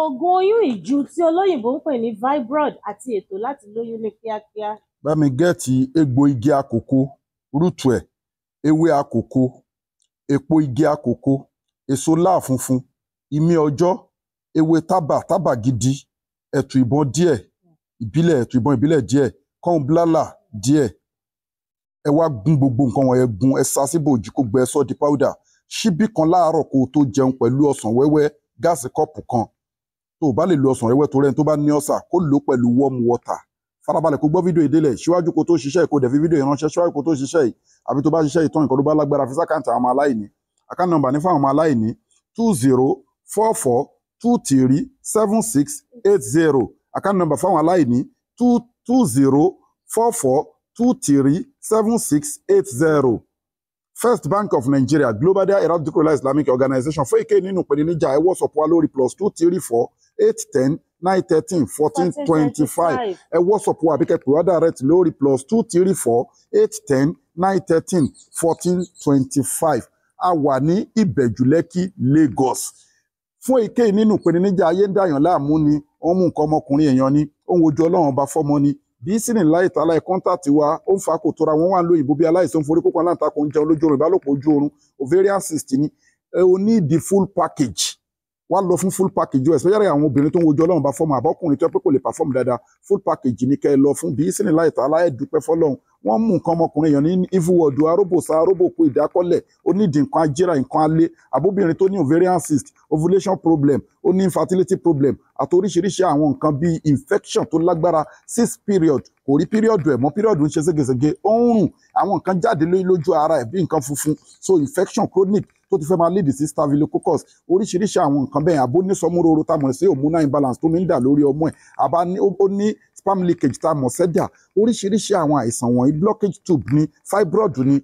Oògùn oyún ìju tí olóyìnbó ń pè ní Fibroid àti ètò láti lóyún ní kíákíá. Bá mi gẹ́ẹ̀tì egbò igi akòko, rúùtù ẹ̀, ewé akòko, èpo igi akòko, èso láà funfun, imí òòjọ́, ewé tábà (tábà gidi), ẹ̀tù ìbọn díẹ̀ ìbílẹ̀ ẹ̀tù ìbọn ìbílẹ̀ díẹ̀, kọ́ńbláàlà díẹ̀. Ẹ wá gun gbogbo nǹkan wọ̀nyẹn gun, ẹ sa síbòòjí kó gbẹ, ẹ sọ́ di powder. Ṣíbí kan láàárọ̀ kó o tó jẹun pẹ̀lú ọsàn wẹ́wẹ́, gáàsì kọ́ọ̀pù kan tó o bá lè lo ọsàn rẹ́wẹ́ tó rẹ́ni tó bá ní ọ̀sà kó lò ó pẹ̀lú warm water farabalẹ̀ kó gbọ́ fídíò ìdílẹ̀ síwájú kó tó ṣiṣẹ́ kó dẹ̀ fi fídíò ìránṣẹ́ síwájú kó tó ṣiṣẹ́ yìí àbí tó bá ṣiṣẹ́ ìtàn ìkọ́ tó bá lágbára fi sákàǹtì àwọn ọmọ aláìní àkáǹtì nọ́mbà ní fáwọn ọmọ aláìní two zero four four two three seven six eight zero àkáǹtì nọ́mbà fáwọn aláìní two two zero four four two three seven six eight zero First Bank of Nigeria Global Dahiratu Dhikrlahi Islamic Organization fún èké nínú ìpèníjà ẹwọ́ sọ̀pọ̀ lórí plus two three four eight ten nine thirteen fourteen twenty five ẹ WhatsApp wa àbíkẹ́ pè wá direct lórí plus two three four eight ten nine thirteen fourteen twenty five a wà ní Ìbẹ̀jú Lagos fún èké nínú ìpèníjà ayé ń dàyàn láàmú ni wọ́n mú nǹkan ọmọkùnrin èèyàn ni ohun ojú Ọlọ́run ọba fọ́mọ ni bí sínú láì tààlà kọ́ńtàtì wa ó ń fa kò tóra wọn wà ń lo ìbò bí aláìsàn ń forí kókó aláǹtakùn jẹun lójú oorun ìbálòpọ̀ ojú oorun ovarian cyst ni o need the full package wá lọ fún full package o especially àwọn obìnrin tó ń wojú ọlọ́run bá fọ́ọ̀mù àbọ́kùnrin tó yẹ pé kò lè perform dáadáa full package ní kẹ́ ẹ lọ fún bí sínú láìta aláìdúpẹ́ fọlọ́run wọ́n mú nǹkan ọmọkùnrin èèyàn ní evil word aróbòsá aróbòpo ìdákọ́lẹ̀ onídìí nǹkan ajíra nǹkan alé àbóbìnrin tó ní ovarian cyst ovulation problem ó ní infertility problem àti oríṣiríṣi àwọn nǹkan bíi infection tó lágbára six period kò rí period ẹ̀ mọ́ period ń ṣe ségesège ó ń rùn àwọn nǹkan jáde lójú ara ẹ̀ bíi nǹkan funfun so infection chronic tó ti fẹ́ máa lead sí staphylococcus oríṣiríṣi àwọn nǹkan bẹ́ẹ̀ àbó ní sọmúroro tá a mọ̀ sí hormonal imbalance tó ní ń dà lórí ọmọ ẹ̀ àbá ó ní sperm leakage tá a mọ̀ sẹ́dà oríṣiríṣi àwọn àìsàn wọ̀nyí blockage tube ni fibroid ni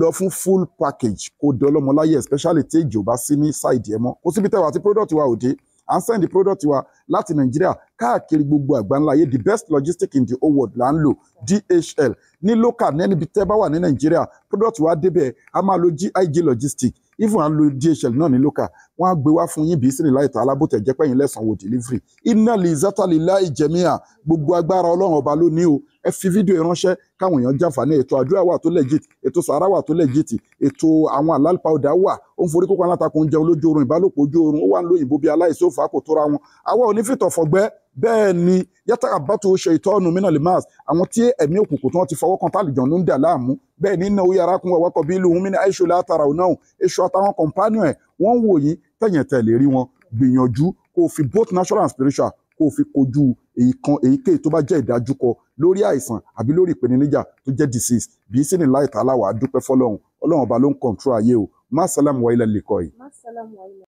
lọ fún full package kó di ọlọ́mọ láyé especially tí èjì ò bá sí ní ṣáìdì ẹ mọ́ kò síbi tẹ́wà àti product wa ò dé à ń send product wa láti nàìjíríà káàkiri gbogbo àgbáńlá ayé the best logistic in the whole world là ń lò DHL ní local ní ẹnibi tẹ́ bá wà ní nàìjíríà product wa débẹ̀ a máa lo GIG logistic even à ń lo DHL náà ní local wọ́n á gbé wá fún yín bíi sílẹ̀ láìta alábòtẹ̀ jẹ́ pẹ́yìn lẹ́sàn wò delivery iná lè zátàlì láì jẹ̀míà gbogbo agbára ọlọ́run ọba ló ní o ẹ fi fídíò ìránṣẹ́ káwọn èèyàn jàǹfààní ètò àdúrà wà tó legit ètò sàárà wà tó legit ètò àwọn àlálùpàdà wà ó ń forí kókó alátakò ń jẹun lójú oorun ìbálòpọ̀ ojú oorun ó wà ń lo bíi aláìsí kò tóra wọn àwa ò ní fìtọ̀ fọ̀gbẹ́ bẹ́ẹ̀ ni yàtàrà bàtò ṣe ìtọ́nu mínà lè máàs àwọn tí ẹ̀mí òkùnkùn tí wọ́n ti fọwọ́ kan tálìjọ́ ló ń dà láàmú bẹ́ẹ̀ ni náà yàrá kún ọwọ́ kọ bí ìlú òun mí ní àìṣó látara òun náà èṣù àtàwọn companion ẹ̀ wọ́n ń wò yín tẹ̀yìn tẹ̀lé rí wọn gbìyànjú kó o fi both natural and spiritual kó o fi kojú èyíkan èyíkéyìí tó bá jẹ́ ìdájúkọ lórí àìsàn àbí lórí ìpèníjà tó jẹ́ disease bí í sì ní láì tààlà wàá dúpẹ́ fọlọ́run ọlọ́run ọba ló ń control ayé o má sálámù wa ilẹ̀ lè yìí.